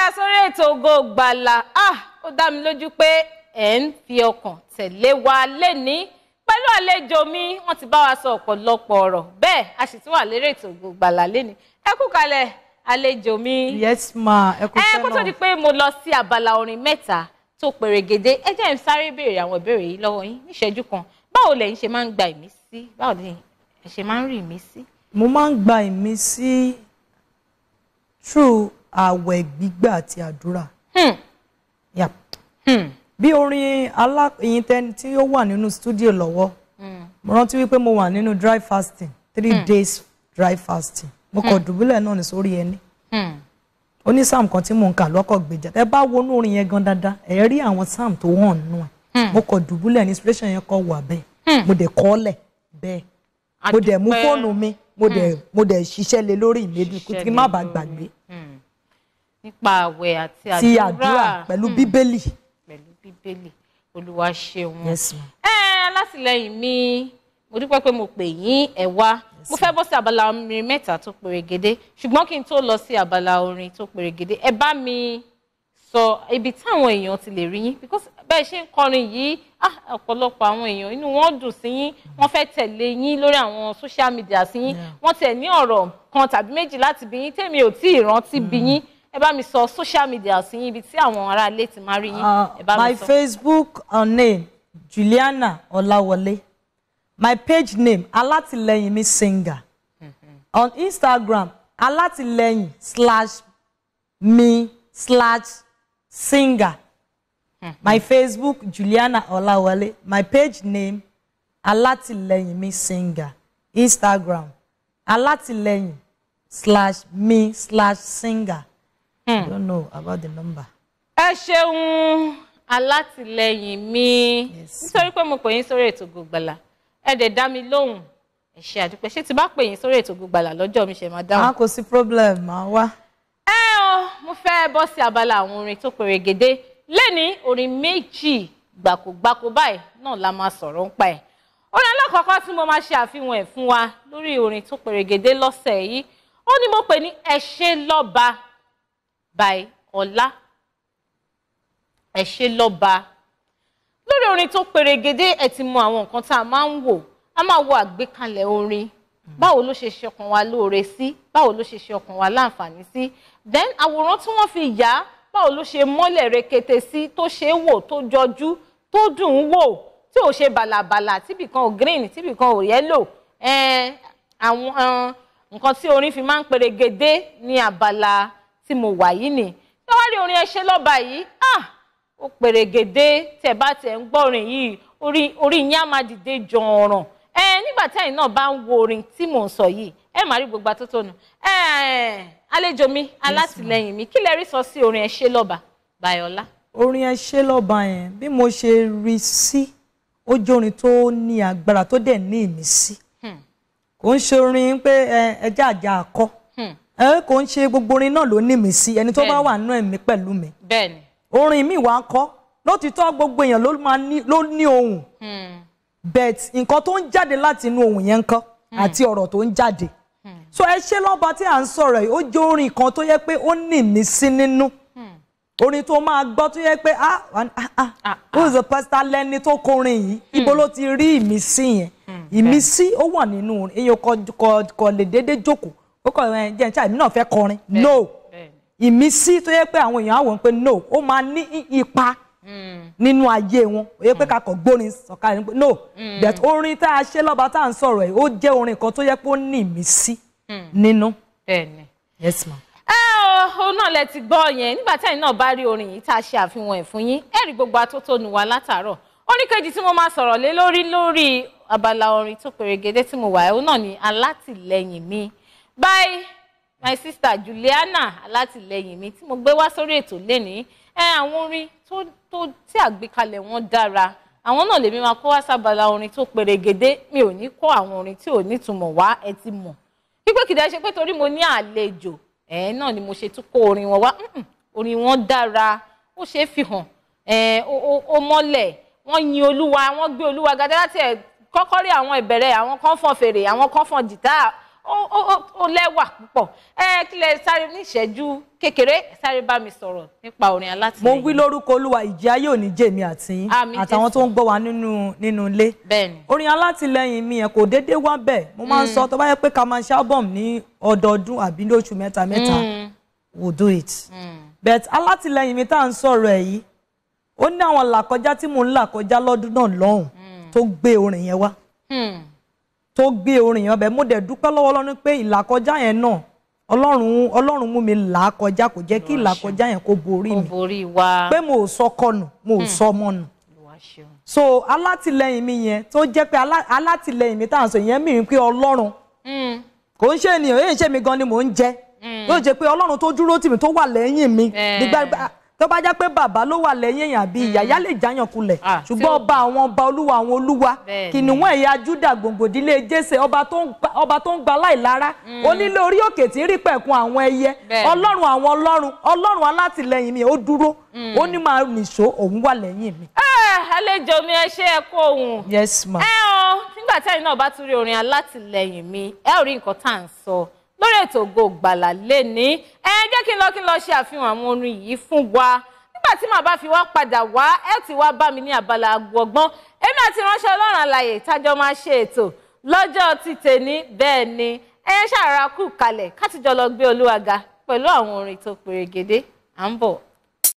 padà sórí ètò Ògo Ìgbàlà ah ó dá mi lójú pé ẹ̀ ń fi ọkàn tẹ̀lé wa lẹ́ni pẹ̀lú àlejò mi wọ́n ti bá wa sọ ọ̀pọ̀lọpọ̀ ọ̀rọ̀ bẹ́ẹ̀ a sì tún wà lérí ètò Ògo Ìgbàlà ẹ kú kalẹ̀ àlejò mi. yes ma ẹ kú sẹ́nà. ẹ kó tó di pé mo lọ sí abala orin mẹ́ta tó pèrègede ẹ jẹ́ n sáré béèrè àwọn ìbéèrè yìí lọ́wọ́ yín níṣẹ́jú kan báwo lẹ̀yin ṣe máa ń gba ìmísí báwo lẹ̀yin ṣe máa ń rí ìmísí. mo máa ń gba ìmísí through àwẹ̀ gbígbà àti àdúrà. Hmm. Hmm. bí orin aláìyín tẹni tí ó wà nínú studio lọ́wọ́ hmm. mo rántí wípé mo wà nínú dry fasting three hmm. days dry fasting mo kàn dùbúlẹ̀ náà ní sórí ẹni ó ní sam kan tí mò ń kà lọ́kọ̀ gbèjà ẹ bá wọnú orin yẹn gan dáadáa ẹ rí àwọn sam tó hàn nù ẹ mo kàn dùbúlẹ̀ ní inspiration yẹn kọ́ wà bẹ́ẹ̀ mo dẹ̀ kọ́lẹ̀ bẹ́ẹ̀ mo dẹ̀ mú fóònù mi mo dẹ̀ mo dẹ̀ ṣiṣẹ́ lé lórí mi kí n má bàa gbàgbé nípa àwẹ̀ àti àdúrà ti àdúrà pẹ̀lú hmm. bíbélì. pẹ̀lú bíbélì olúwa ṣeun. ẹ alátìlẹyìn mi mo dúpẹ́ pé mo pè yín ẹ wá mo fẹ́ bọ́ sí abala orin mẹ́ta tó pèrègede ṣùgbọ́n kí n tó lọ sí abala orin tó pèrègede ẹ bá mi sọ ibi táwọn èèyàn ti lè rí yín because bẹ́ẹ̀ ṣe ń kọrin yìí ah, ọ̀pọ̀lọpọ̀ àwọn èèyàn inú wọn dùn sí yín wọ́n fẹ́ tẹ̀lé yín lórí àwọn social media sí yín wọ́n tẹ̀ ní ọ̀rọ̀ kan tàbí méjì láti bí yín tèmi ò tí ì rántí bí mm. yín ẹ bá mi sọ social media sí yín ibi tí àwọn aráalé ti máa rí yín ah, my facebook uh, name juliana ọláwọlé my page name alátìlẹ́yìn mi singer mm-hmm. on instagram alátìlẹ́yìn slash mi slash singer mm-hmm. my facebook juliana ọláwọlé my page name alátìlẹ́yìn mi singer instagram alátìlẹ́yìn slash mi slash singer I hmm. don't know about the number. ẹ ṣeun alátìlẹyìn mi nítorí pé mo pè yín sórí ètò Ògo Ìgbàlà ẹ dẹ̀ dá mi lóhùn ẹ ṣe àdúpẹ́ ṣé ti bá pè yín sórí ètò Ògo Ìgbàlà lọ́jọ́ mi ṣe máa dáhùn. a ah, kò sí problem máa wá. ẹ ọ mo fẹ́ bọ́ sí abala àwọn orin tó pèrègèdè lẹ́ni orin méjì gbàkúgbàkú báyìí náà la máa sọ̀rọ̀ ń pa ẹ̀ orin alákọ̀ọ́kọ́ tí mo máa ṣe àfihàn ẹ̀ fún wa lórí orin tó pèrègèdè lọ́sẹ̀ yìí ó ní mo pè ní ẹ lọ́ba by Ọlá ẹ ṣé lọ́ba lórí orin tó perégedé ẹ ti mọ àwọn nǹkan tá a máa ń wò a máa wo àgbékalẹ̀ orin báwo ló ṣe ṣe ọkàn wa lóore sí báwo ló ṣe ṣe ọkàn wa láǹfààní sí then àwòrán tí wọ́n fi yà á báwo ló ṣe mọ́lẹ̀ rekete sí tó ṣe é wò tó jọjú tó dùn ún wò tí ò ṣe bàlàbàlà tíbì kan ò green tíbì kan ò yellow àwọn nǹkan tí orin fi máa ń perégedé ní abala tí mo wà yìí nì ṣé wàá rí orin ẹṣẹ lọ́ba yìí ah ó pèrègèdè tẹ̀ bá tẹ̀ ń gbọ́rin yìí orí orí yín á máa dìde jọ̀ọ̀ràn ẹ nígbà tí ẹ̀yin náà bá ń wo orin tí mò ń sọ yìí ẹ máa rí gbogbo atótónu ẹ àlejò mi alátìlẹyìn mi kí lẹ rí sọ sí orin ẹṣẹ lọ́ba Báyọ̀lá. orin ẹṣẹ lọ́ba yẹn bí mo ṣe rí sí ó jẹ́ orin tó ní agbára tó dẹ̀ ní ìmísí hmm. kò ń ṣe orin pé ẹ ẹ jáàjá ẹ kò ń ṣe gbogbo orin náà ló ní mi sí ẹni tó bá wà nínú ẹ̀mí pẹ̀lú mi orin mi wà á kọ́ lótìtọ́ gbogbo èèyàn ló ní ohùn hmm. but nǹkan tó ń jáde láti inú ohùn yẹn ń kọ́ hmm. àti ọ̀rọ̀ tó ń jáde hmm. so ẹ ṣe lọ́ba tí à ń sọ̀rọ̀ yìí ó jẹ́ orin kan tó yẹ pé ó ní mi sí nínú orin tó máa gbọ́ tó yẹ pé ah ah ah, ah, ah who's ah. the pastor lẹ́ni tó kọrin yìí ibo ló ti rí ìmísí yẹn ìmísí ó wà nínú èèyàn kò lè déédéé jókòó ó kọ ẹ jẹ́ níta èmi náà fẹ́ kọrin no ìmísí tó yẹ pé àwọn èèyàn àwọn pé no ó máa ní ipa hmm. nínú ayé wọn ó yẹ pé hmm. kakọ̀ gbórin sọ̀ka ẹni pé no hmm. but orin tá a ṣe lọ́ba tá à ń sọ̀rọ̀ ẹ̀ ó jẹ́ orin kan tó yẹ pé ó ní ìmísí nínú. bẹ́ẹ̀ni yes ma. ẹ o òun náà lẹ ti gbọ́ yẹn nígbà tẹ́yìn náà bá rí orin yìí tá a ṣe àfihàn ẹ̀ fún yín ẹ̀rí gbogbo atótónu wa látàárọ̀ orin kejì tí mo máa sọ̀rọ̀ lé lórí lórí abala orin tó pèrègede tí mo wà ẹ̀ òun náà ni alátìlẹyìn mi by my sister Juliana alátìlẹyìn mi tí mo gbé wá sórí ètò lénìí ẹ àwọn orin tó tó tí àgbékalẹ̀ wọn dára àwọn náà lèmi máa kó wá sábàlá orin tó pèrègédé mi ò ní kó àwọn orin tí ò nítumọ̀ wá ẹ ti mọ̀ pípé kìdá ṣe pé torí mo ní àlejò ẹ náà ni mo ṣe tún kó orin wọn wá orin wọn dára ó ṣeé fi hàn ẹ ó mọ́lẹ̀ wọ́n yin olúwa wọ́n gbé olúwa gàdá láti ẹ̀ kọ́kọ́ rí àwọn ìbẹ̀rẹ̀ àwọn kan fọn fèrè àwọn kan fọn jìtá ó lẹ́wà púpọ̀ ẹ kílẹ̀ sáré ní ìṣẹ́jú kékeré sáré bá mi sọ̀rọ̀ nípa orin alátìlẹyìn. mo wí lórúkọ olúwa ìjì ayé ò ní jèmi àti àtàwọn tó ń gbọ́ wa nínú nínú ilé orin alátìlẹyìn mi yẹn kò déédé wá bẹ́ẹ̀ mo máa ń mm. sọ tó bá yẹ pé ká máa ṣe album ní ọdọọdún àbí lóṣù mẹ́ta mẹ́ta mm. we'll do it mm. but alátìlẹyìn mi tá à ń sọ̀rọ̀ ẹ̀ yìí ó ní àwọn làkọjá tí mò ń làkọjá lọ́dún náà lọ́hùn mm. tó gbé orin yẹn wá. Hmm tó gbé orin yẹn bẹ́ẹ̀ mo dẹ̀ dúpẹ́ lọ́wọ́ Ọlọ́run pé ìlàkọjá yẹn náà Ọlọ́run Ọlọ́run mú mi là á kọjá kò jẹ́ kí ìlàkọjá yẹn kó borí mi pé mo ò sọkọ nù mo ò hmm. sọmọ nù so alátìlẹyìn mi yẹn tó jẹ́ pé alátìlẹyìn mi táwọn sọ yẹn mìíràn pé Ọlọ́run hmm. kò ń ṣe ènìyàn èyí ṣe mi gan ni mò ń jẹ hmm. yóò jẹ́ pé Ọlọ́run tó dúró tì mí tó wà lẹ́yìn mi eh. nígbà tó bá jẹ́ pé bàbá ló wà lẹ́yìn èèyàn àbí ìyá yá mm. lè jáyàn kulẹ̀ ah. ṣùgbọ́n ọba àwọn ọba olúwa àwọn olúwa kìnìún ẹ̀yà Júdà gbòǹgbòdìlé Jése ọba tó ń gba láìlára mm. onílé orí òkè tí ń rí pẹ̀kun àwọn ẹyẹ ọlọ́run àwọn ọlọ́run ọlọ́run alátìlẹyìn mi ó dúró mm. ó ní máa nìṣó òun wà lẹ́yìn mi. Ah, àlejò mi ẹ ṣe ẹ kó ohun yes ma ẹ ọ nígbà tí ẹ̀yin náà bá tún rí orin alátìlẹyìn mi ẹ ò rí nǹkan tá à ń sọ lórí ètò Ògo Ìgbàlà lẹ́ni ẹ jẹ́ kí n lọ kí n lọ ṣe àfihàn àwọn orin yìí fún wa nígbà tí màá bá fi wá padà wá ẹ ti wá bá mi ní abala ọgbọ́n èmi àti ránṣẹ́ Ọlọ́run àlàyé tájọ máa ṣe ètò lọ́jọ́ ti tèmi bẹ́ẹ̀ ni ẹ ṣàrà kù kalẹ̀ ká jọ lọ gbé Olúwa ga pẹ̀lú àwọn orin tó pèrègédé à ń bọ̀